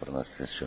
pronunciation.